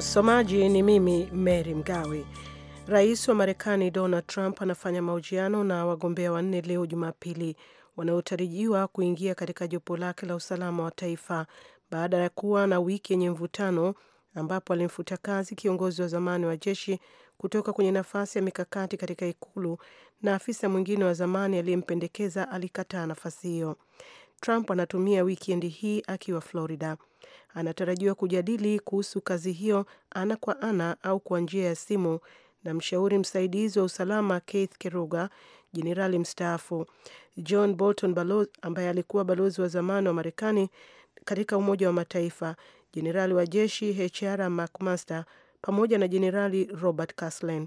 Msomaji ni mimi Mary Mgawe. Rais wa Marekani Donald Trump anafanya mahojiano na wagombea wanne leo Jumapili wanaotarajiwa kuingia katika jopo lake la usalama wa taifa baada ya kuwa na wiki yenye mvutano ambapo alimfuta kazi kiongozi wa zamani wa jeshi kutoka kwenye nafasi ya mikakati katika ikulu na afisa mwingine wa zamani aliyempendekeza alikataa nafasi hiyo. Trump anatumia wikendi hii akiwa Florida. Anatarajiwa kujadili kuhusu kazi hiyo ana kwa ana au kwa njia ya simu na mshauri msaidizi wa usalama Keith Keruga, jenerali mstaafu John Bolton balozi, ambaye alikuwa balozi wa zamani wa Marekani katika Umoja wa Mataifa, jenerali wa jeshi HR McMaster pamoja na jenerali Robert Caslen.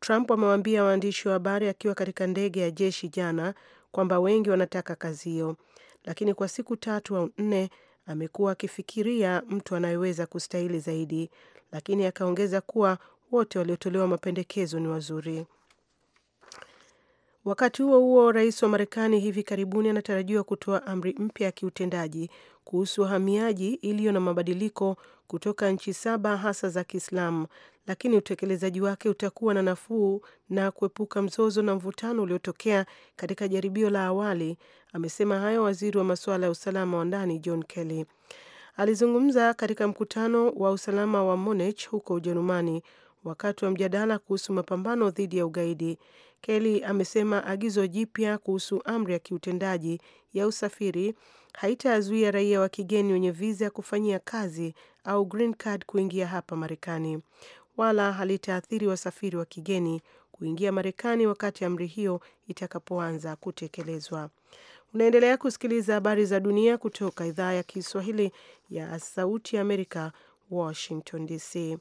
Trump amewaambia waandishi wa habari akiwa katika ndege ya jeshi jana kwamba wengi wanataka kazi hiyo lakini kwa siku tatu au nne amekuwa akifikiria mtu anayeweza kustahili zaidi, lakini akaongeza kuwa wote waliotolewa mapendekezo ni wazuri. Wakati huo huo, rais wa Marekani hivi karibuni anatarajiwa kutoa amri mpya ya kiutendaji kuhusu uhamiaji iliyo na mabadiliko kutoka nchi saba hasa za Kiislamu, lakini utekelezaji wake utakuwa na nafuu na kuepuka mzozo na mvutano uliotokea katika jaribio la awali. Amesema hayo waziri wa masuala ya usalama wa ndani John Kelly. Alizungumza katika mkutano wa usalama wa Munich huko Ujerumani Wakati wa mjadala kuhusu mapambano dhidi ya ugaidi, Kelly amesema agizo jipya kuhusu amri ya kiutendaji ya usafiri haitazuia raia wa kigeni wenye viza ya kufanyia kazi au green card kuingia hapa Marekani, wala halitaathiri wasafiri wa kigeni kuingia Marekani wakati amri hiyo itakapoanza kutekelezwa. Unaendelea kusikiliza habari za dunia kutoka idhaa ya Kiswahili ya Sauti ya Amerika, Washington DC.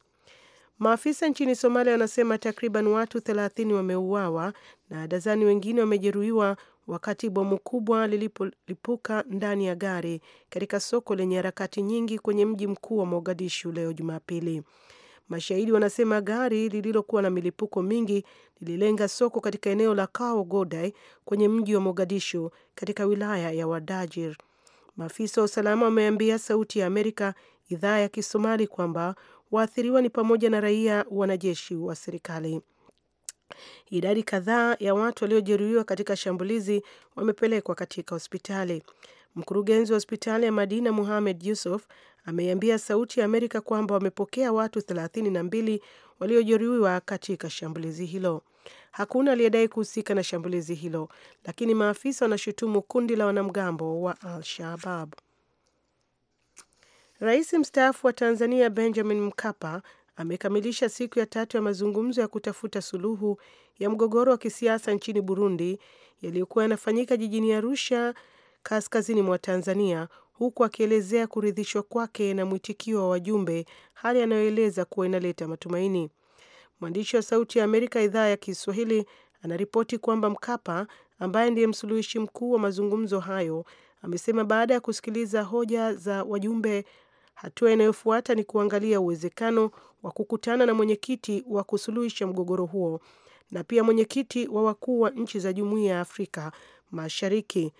Maafisa nchini Somalia wanasema takriban watu 30 wameuawa na dazani wengine wamejeruhiwa wakati bomu kubwa lilipolipuka ndani ya gari katika soko lenye harakati nyingi kwenye mji mkuu wa Mogadishu leo Jumapili. Mashahidi wanasema gari lililokuwa na milipuko mingi lililenga soko katika eneo la Kao Godai kwenye mji wa Mogadishu katika wilaya ya Wadajir. Maafisa wa usalama wameambia Sauti ya Amerika idhaa ya Kisomali kwamba Waathiriwa ni pamoja na raia, wanajeshi wa serikali. Idadi kadhaa ya watu waliojeruhiwa katika shambulizi wamepelekwa katika hospitali. Mkurugenzi wa hospitali ya Madina Muhamed Yusuf ameiambia Sauti ya Amerika kwamba wamepokea watu thelathini na mbili waliojeruhiwa katika shambulizi hilo. Hakuna aliyedai kuhusika na shambulizi hilo, lakini maafisa wanashutumu kundi la wanamgambo wa Al shabab Rais mstaafu wa Tanzania Benjamin Mkapa amekamilisha siku ya tatu ya mazungumzo ya kutafuta suluhu ya mgogoro wa kisiasa nchini Burundi yaliyokuwa yanafanyika jijini Arusha, kaskazini mwa Tanzania, huku akielezea kuridhishwa kwake na mwitikio wa wajumbe, hali anayoeleza kuwa inaleta matumaini. Mwandishi wa Sauti ya Amerika idhaa ya Kiswahili anaripoti kwamba Mkapa ambaye ndiye msuluhishi mkuu wa mazungumzo hayo amesema baada ya kusikiliza hoja za wajumbe Hatua inayofuata ni kuangalia uwezekano wa kukutana na mwenyekiti wa kusuluhisha mgogoro huo na pia mwenyekiti wa wakuu wa nchi za Jumuiya ya Afrika Mashariki.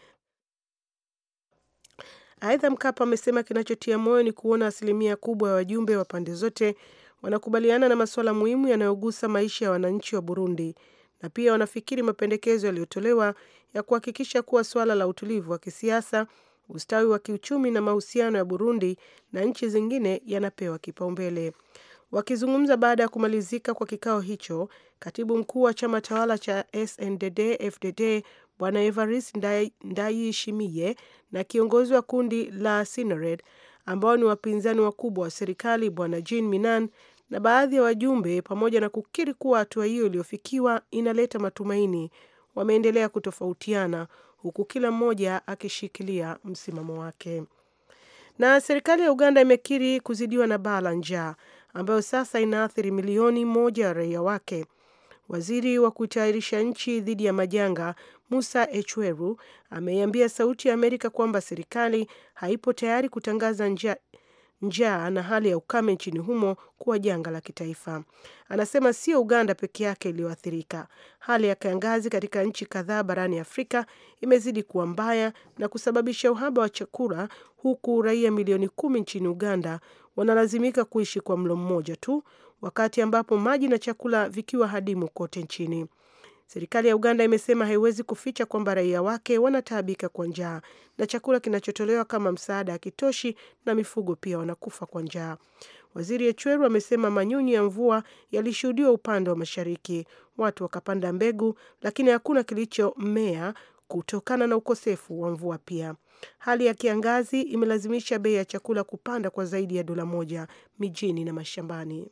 Aidha, Mkapa amesema kinachotia moyo ni kuona asilimia kubwa ya wajumbe wa pande zote wanakubaliana na masuala muhimu yanayogusa maisha ya wananchi wa Burundi na pia wanafikiri mapendekezo yaliyotolewa ya kuhakikisha kuwa suala la utulivu wa kisiasa Ustawi wa kiuchumi na mahusiano ya Burundi na nchi zingine yanapewa kipaumbele. Wakizungumza baada ya kumalizika kwa kikao hicho, katibu mkuu wa chama tawala cha SNDD-FDD Bwana Evaris Ndayishimiye na kiongozi wa kundi la Sinored ambao ni wapinzani wakubwa wa serikali Bwana Jean Minan na baadhi ya wa wajumbe, pamoja na kukiri kuwa hatua hiyo iliyofikiwa inaleta matumaini, wameendelea kutofautiana huku kila mmoja akishikilia msimamo wake. Na serikali ya Uganda imekiri kuzidiwa na baa la njaa ambayo sasa inaathiri milioni moja ya raia wake. Waziri wa kutayarisha nchi dhidi ya majanga Musa Echweru ameiambia Sauti ya Amerika kwamba serikali haipo tayari kutangaza njaa njaa na hali ya ukame nchini humo kuwa janga la kitaifa. Anasema sio Uganda peke yake iliyoathirika. Hali ya kiangazi katika nchi kadhaa barani Afrika imezidi kuwa mbaya na kusababisha uhaba wa chakula, huku raia milioni kumi nchini Uganda wanalazimika kuishi kwa mlo mmoja tu, wakati ambapo maji na chakula vikiwa hadimu kote nchini. Serikali ya Uganda imesema haiwezi kuficha kwamba raia wake wanataabika kwa njaa na chakula kinachotolewa kama msaada hakitoshi na mifugo pia wanakufa kwa njaa. Waziri Echweru amesema manyunyu ya mvua yalishuhudiwa upande wa mashariki, watu wakapanda mbegu, lakini hakuna kilichomea kutokana na ukosefu wa mvua. Pia hali ya kiangazi imelazimisha bei ya chakula kupanda kwa zaidi ya dola moja mijini na mashambani.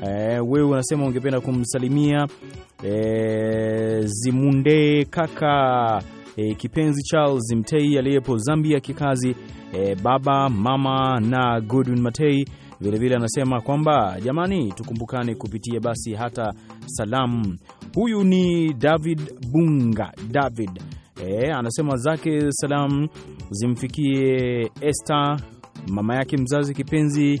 Eh, wewe unasema ungependa kumsalimia eh, Zimunde kaka eh, kipenzi Charles Mtei aliyepo Zambia kikazi eh, baba mama na Godwin Matei vilevile anasema kwamba jamani, tukumbukane kupitia basi hata salamu. Huyu ni David Bunga David e, anasema zake salamu zimfikie Esther mama yake mzazi kipenzi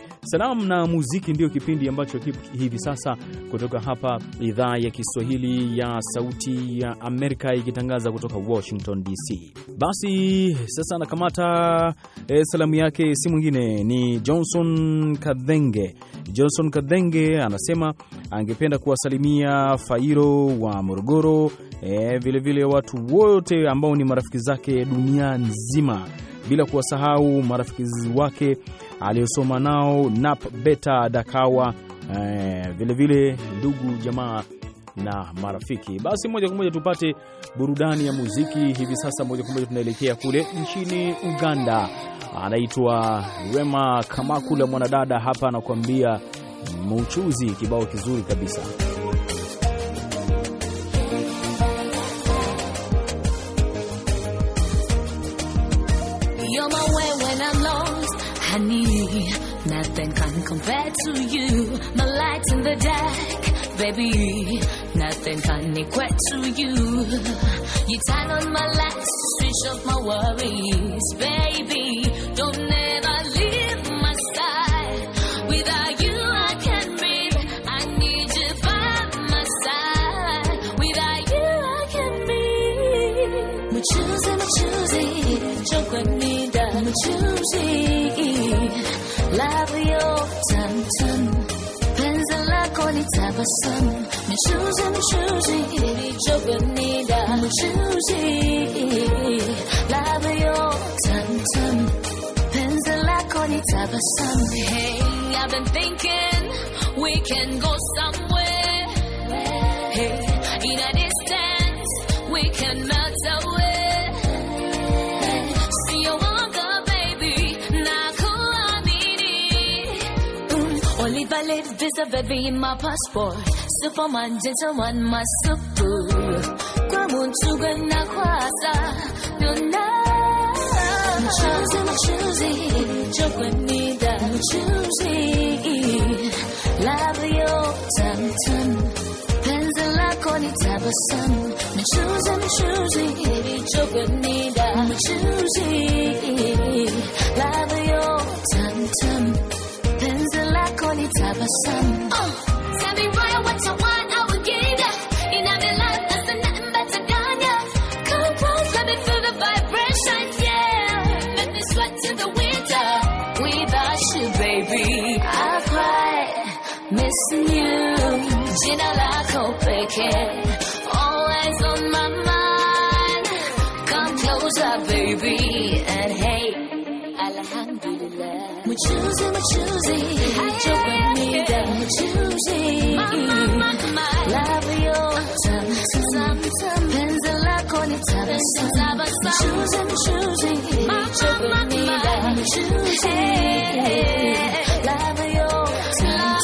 Salamu na muziki ndiyo kipindi ambacho kipo hivi sasa kutoka hapa idhaa ya Kiswahili ya Sauti ya Amerika ikitangaza kutoka Washington DC. Basi sasa nakamata e, salamu yake si mwingine ni Johnson Kadhenge. Johnson Kadhenge anasema angependa kuwasalimia Fairo wa Morogoro, vilevile eh, vilevile watu wote ambao ni marafiki zake dunia nzima bila kuwasahau marafiki wake aliyosoma nao Nap Beta Dakawa, vilevile eh, vile ndugu jamaa na marafiki. Basi moja kwa moja tupate burudani ya muziki hivi sasa. Moja kwa moja tunaelekea kule nchini Uganda. Anaitwa Rema Kamakula, mwanadada hapa anakuambia Muchuzi, kibao kizuri kabisa. Yoma wewe na honey. Nothing can compare to you. My light in the dark, baby. Nothing can equate to you. You turn on my lights, switch off my worries, baby. Don't ever leave my side. Without you, I can't breathe. I need you by my side. Without you, I can't breathe. We're choosing, we're choosing. Chocolate me choosing. Love labio tantan penzi lako nitabasamu mchuzi mchuzi ilichokunida mchuzi labio tantan penzi lako nitabasamu hey I've been thinking we can go somewhere hey, Visa baby in my passport. Superman, gentleman, my super. masupu. Kwa muntuga na kwasa. Dona. I'm choosing, I'm choosing. me that. I'm choosing. love Labio, tantan. Penzi lako ni tabasamu. I'm choosing, I'm choosing. baby, me that. I'm choosing. love Labio, tantan. Oh, tell me why what I want, I will give ya. In every life, there's been nothing but than ya. Come close, let me feel the vibration, yeah. Let me sweat till the winter. Without you, baby, I cry, miss you. Jina la kopeke, always on my mind. Come closer, baby, and hey. We're choosing, we're choosing. Joe and me, that we're choosing. Labiota, penzela con time, We're choosing, we're choosing. Joe and me, that we're choosing. Labiota,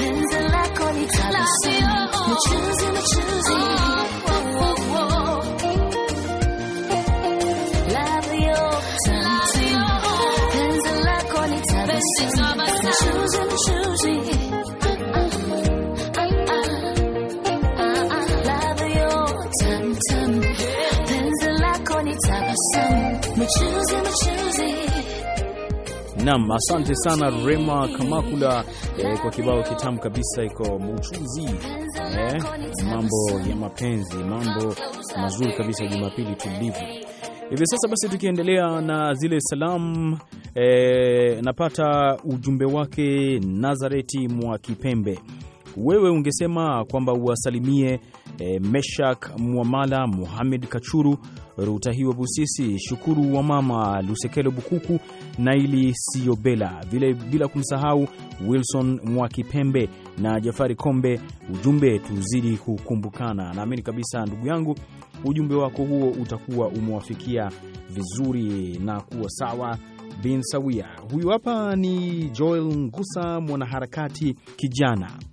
penzela con time, We're choosing, we're choosing. Naam, asante sana Rema Kamakula eh, kwa kibao kitamu kabisa iko mchuzi eh, mambo ya mapenzi, mambo mazuri kabisa, Jumapili tulivu hivi sasa. Basi tukiendelea na zile salamu eh, napata ujumbe wake Nazareti mwa Kipembe wewe ungesema kwamba uwasalimie e, Meshak Mwamala, Muhamed Kachuru, Rutahiwa Busisi, Shukuru wa Mama Lusekelo, Bukuku na ili Siobela, vile bila kumsahau Wilson Mwakipembe na Jafari Kombe. Ujumbe tuzidi kukumbukana. Naamini kabisa ndugu yangu, ujumbe wako huo utakuwa umewafikia vizuri na kuwa sawa bin sawia. Huyu hapa ni Joel Ngusa, mwanaharakati kijana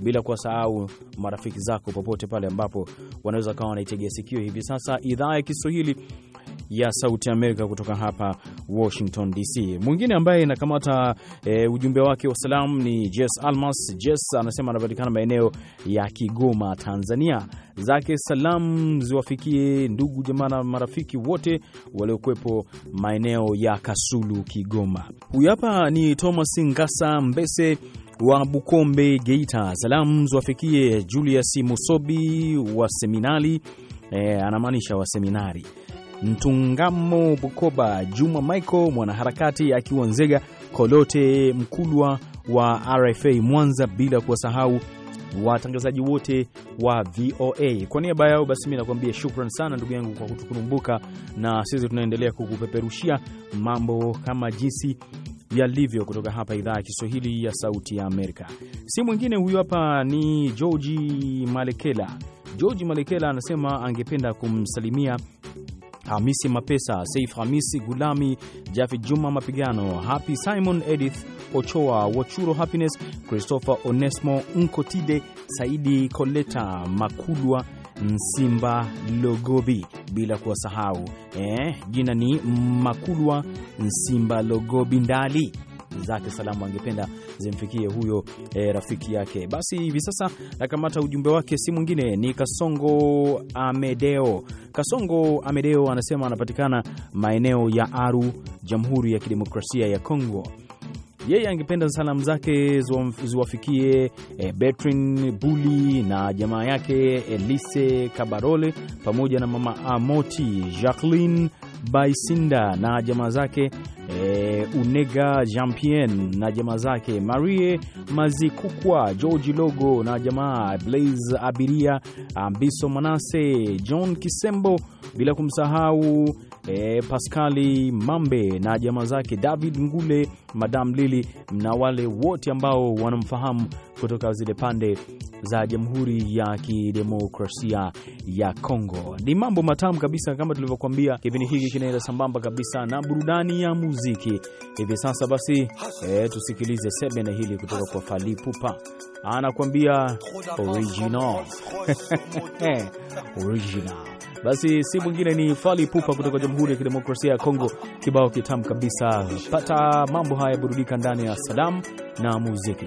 bila kuwasahau marafiki zako popote pale ambapo wanaweza kawa wanaitegea sikio hivi sasa idhaa ya Kiswahili ya Sauti Amerika kutoka hapa Washington DC. Mwingine ambaye inakamata e, ujumbe wake wa salam ni Jess Almas. Jess anasema anapatikana maeneo ya Kigoma, Tanzania. Zake salam ziwafikie ndugu jamaa na marafiki wote waliokuwepo maeneo ya Kasulu, Kigoma. Huyu hapa ni Thomas Ngasa Mbese wa Bukombe, Geita. Salamu ziwafikie Julius Musobi wa seminari, e, anamaanisha wa seminari Mtungamo Bukoba, Juma Michael mwanaharakati akiwa Nzega, Kolote Mkulwa wa RFA Mwanza, bila kuwasahau watangazaji wote wa VOA. Kwa niaba yao basi, mi nakuambia shukran sana ndugu yangu kwa kutukumbuka, na sisi tunaendelea kukupeperushia mambo kama jinsi yalivyo kutoka hapa idhaa ya Kiswahili ya Sauti ya Amerika. Si mwingine huyu hapa ni Georgi Malekela. Georgi Malekela anasema angependa kumsalimia Hamisi Mapesa, Saif Hamisi Gulami, Jafi Juma Mapigano, Happy Simon, Edith Ochoa Wachuro, Happiness Christopher, Onesmo Nkotide, Saidi Koleta Makulwa Nsimba Logobi, bila kuwasahau eh, jina ni Makulwa Nsimba Logobi Ndali zake salamu angependa zimfikie huyo e, rafiki yake. Basi hivi sasa nakamata ujumbe wake, si mwingine ni Kasongo Amedeo. Kasongo Amedeo anasema anapatikana maeneo ya Aru, Jamhuri ya Kidemokrasia ya Kongo. Yeye angependa salamu zake ziwafikie e, eh, Betrin Buli na jamaa yake Elise Kabarole pamoja na mama Amoti Jacqueline Baisinda na jamaa zake e, Unega Jampien na jamaa zake, Marie Mazikukwa, George Logo na jamaa, Blaze Abiria, Ambiso Manase, John Kisembo, bila kumsahau E, eh, Paskali Mambe na jamaa zake David Ngule, Madam Lili na wale wote ambao wanamfahamu kutoka zile pande za Jamhuri ya Kidemokrasia ya Kongo. Ni mambo matamu kabisa kama tulivyokuambia, kipindi hiki kinaenda sambamba kabisa na burudani ya muziki muziki hivi sasa. Basi e, tusikilize sebene hili kutoka kwa Falipupa, anakuambia original original. Basi si mwingine ni Fali Pupa kutoka Jamhuri ya Kidemokrasia ya Kongo. Kibao kitamu kabisa. Pata mambo haya, burudika ndani ya salamu na muziki.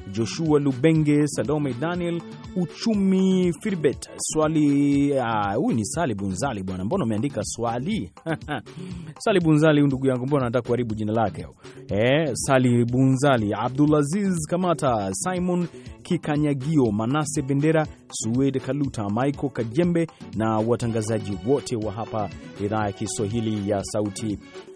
Joshua Lubenge, Salome Daniel Uchumi Firbet Swali. Ah, huyu uh, ni Sali Bunzali bwana, mbona umeandika swali? Sali Bunzali ndugu yangu, mbona nataka kuharibu jina lake eh? Sali Bunzali, Abdulaziz Kamata, Simon Kikanyagio, Manase Bendera, Suede Kaluta, Michael Kajembe na watangazaji wote wa hapa idhaa ya Kiswahili ya Sauti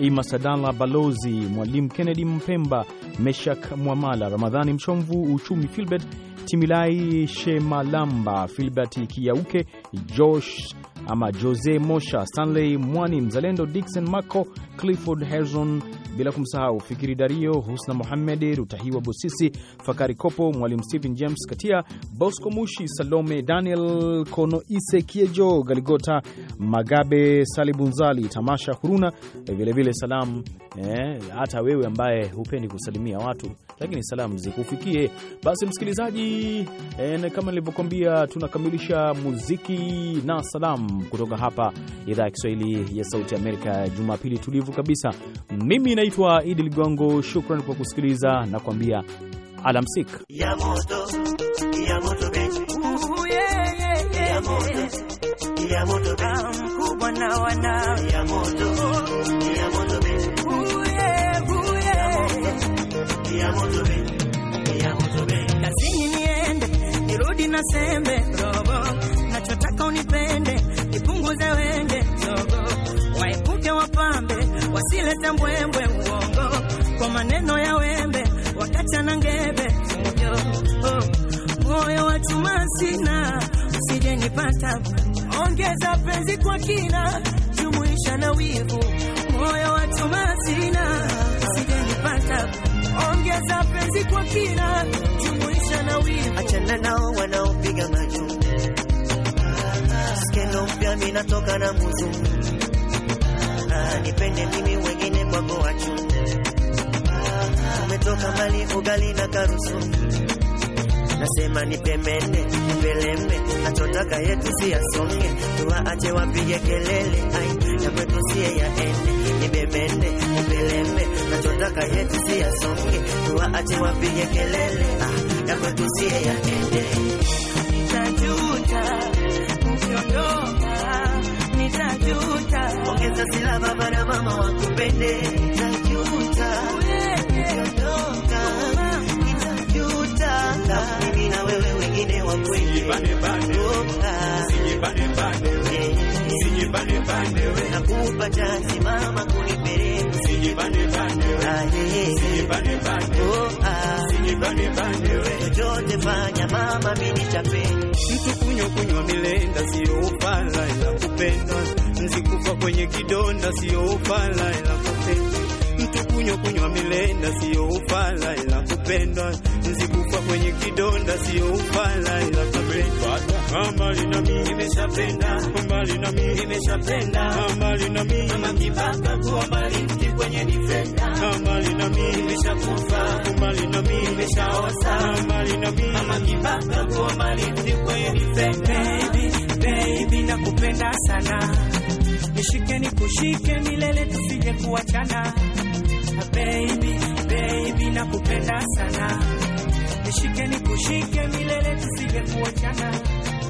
imasadala Balozi Mwalimu Kennedy Mpemba, Meshak Mwamala, Ramadhani Mchomvu, Uchumi Filbert Timilai, Shemalamba Filbert Kiauke, Josh ama Jose Mosha, Stanley Mwani, Mzalendo Dixon maco Clifford Herzon bila kumsahau Fikiri Dario, Husna Mohamed, Rutahiwa Bosisi, Fakari Kopo, Mwalimu Stephen James Katia, Bosco Mushi, Salome Daniel Konoise, Kiejo Galigota, Magabe Salibunzali, Tamasha Huruna. Vilevile eh, salamu eh, hata eh, wewe ambaye hupendi kusalimia watu, lakini salamu zikufikie basi msikilizaji. Eh, kama nilivyokuambia, tunakamilisha muziki na salamu kutoka hapa idhaa ya Kiswahili ya Sauti ya Amerika, Jumapili tulivu kabisa. Mimi na naitwa Idi Ligongo, shukran kwa kusikiliza na kuambia alamsik kazini niende nirudi na sembe robo nachotaka unipende wasileta mbwembwe uongo kwa maneno ya wembe wakati na ngebe fujo oh. Moyo wa chuma sina, usije nipata, ongeza penzi kwa kina, jumuisha na wivu. Moyo wa chuma sina, usije nipata, ongeza penzi kwa kina, jumuisha na wivu. Achana nao wanaopiga macho, skendo mpya natoka na mzungu nipende mimi, wengine kwako wachunde. Umetoka mbali, ugali na karusu, nasema nipemene, peleme, atotaka yetu si yasonge, tuwaache wapige kelele, ai ya kwetu siye yaende, nipemene, nipeleme, achotaka yetu si yasonge, tuwaache wapige kelele, ah, ya kwetu siye yaende, nitajuta ukiondoka nitajuta. Ongeza silaha baba mama wakupende, nitajuta. nitajuta. Mimi na wewe wengine wa nakupa chance mama kunipeleka. Usijipande pande mama mimi nitapenda. Mtu kunywa kunywa milenda sio ufala ila kupenda, mzikufa kwenye kidonda sio ufala ila kupenda kikunywa kunywa milenda, siyo ufala ila kupendwa. Nzikufa kwenye kidonda, siyo ufala ila kupendwa. Mbali na mimi nimeshapenda, mbali na mimi nimeshapenda, mbali na mimi mama kibaka kuwa mbali mti kwenye difenda, mbali na mimi nimeshakufa, mbali na mimi nimeshaosa, mbali na mimi mama kibaka kuwa mbali mti kwenye difenda. Baby, baby nakupenda sana, nishike nikushike milele tusije kuachana Baby, baby nakupenda sana, nishike nikushike milele tusije kuachana,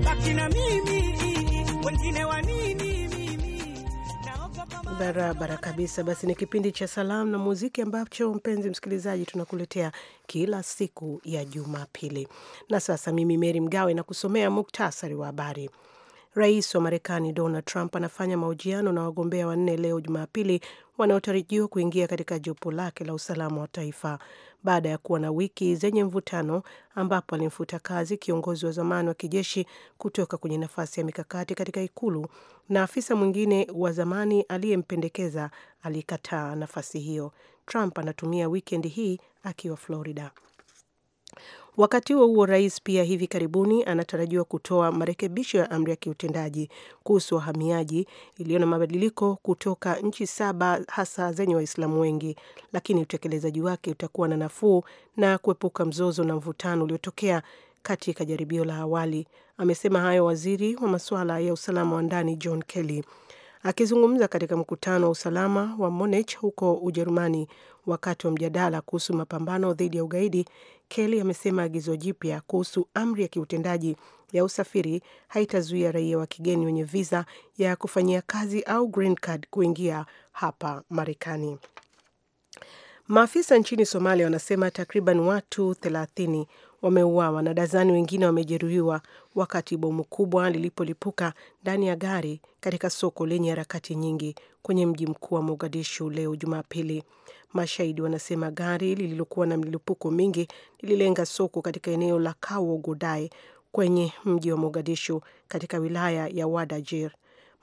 baki na mimi, wengine wa nini? Barabara kabisa. Basi ni kipindi cha salamu na muziki ambacho mpenzi msikilizaji tunakuletea kila siku ya Jumapili. Na sasa mimi Meri Mgawe na kusomea muktasari wa habari. Rais wa Marekani Donald Trump anafanya mahojiano na wagombea wanne leo Jumapili wanaotarajiwa kuingia katika jopo lake la usalama wa taifa baada ya kuwa na wiki zenye mvutano ambapo alimfuta kazi kiongozi wa zamani wa kijeshi kutoka kwenye nafasi ya mikakati katika ikulu na afisa mwingine wa zamani aliyempendekeza alikataa nafasi hiyo. Trump anatumia wikendi hii akiwa Florida. Wakati huo huo, rais pia hivi karibuni anatarajiwa kutoa marekebisho ya amri ya kiutendaji kuhusu wahamiaji iliyo na mabadiliko kutoka nchi saba hasa zenye Waislamu wengi, lakini utekelezaji wake utakuwa na nafuu na kuepuka mzozo na mvutano uliotokea katika jaribio la awali. Amesema hayo waziri wa masuala ya usalama wa ndani John Kelly akizungumza katika mkutano wa usalama wa Munich huko Ujerumani wakati wa mjadala kuhusu mapambano dhidi ya ugaidi. Kelly amesema agizo jipya kuhusu amri ya kiutendaji ya usafiri haitazuia raia wa kigeni wenye viza ya kufanyia kazi au green card kuingia hapa Marekani. Maafisa nchini Somalia wanasema takriban watu thelathini wameuawa na dazani wengine wamejeruhiwa wakati bomu kubwa lilipolipuka ndani ya gari katika soko lenye harakati nyingi kwenye mji mkuu wa Mogadishu leo Jumapili. Mashahidi wanasema gari lililokuwa na milipuko mingi lililenga soko katika eneo la Kawo Godai kwenye mji wa Mogadishu katika wilaya ya Wadajir.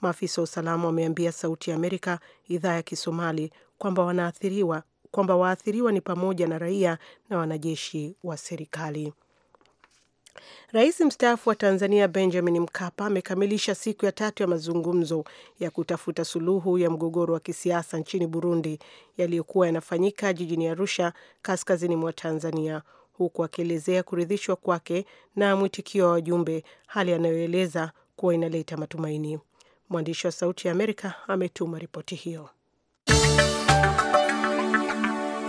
Maafisa wa usalama wameambia Sauti ya Amerika idhaa ya Kisomali kwamba wanaathiriwa kwamba waathiriwa ni pamoja na raia na wanajeshi wa serikali. Rais mstaafu wa Tanzania Benjamin Mkapa amekamilisha siku ya tatu ya mazungumzo ya kutafuta suluhu ya mgogoro wa kisiasa nchini Burundi yaliyokuwa yanafanyika jijini Arusha, kaskazini mwa Tanzania, huku akielezea kuridhishwa kwake na mwitikio wa wajumbe, hali anayoeleza kuwa inaleta matumaini. Mwandishi wa Sauti ya Amerika ametuma ripoti hiyo.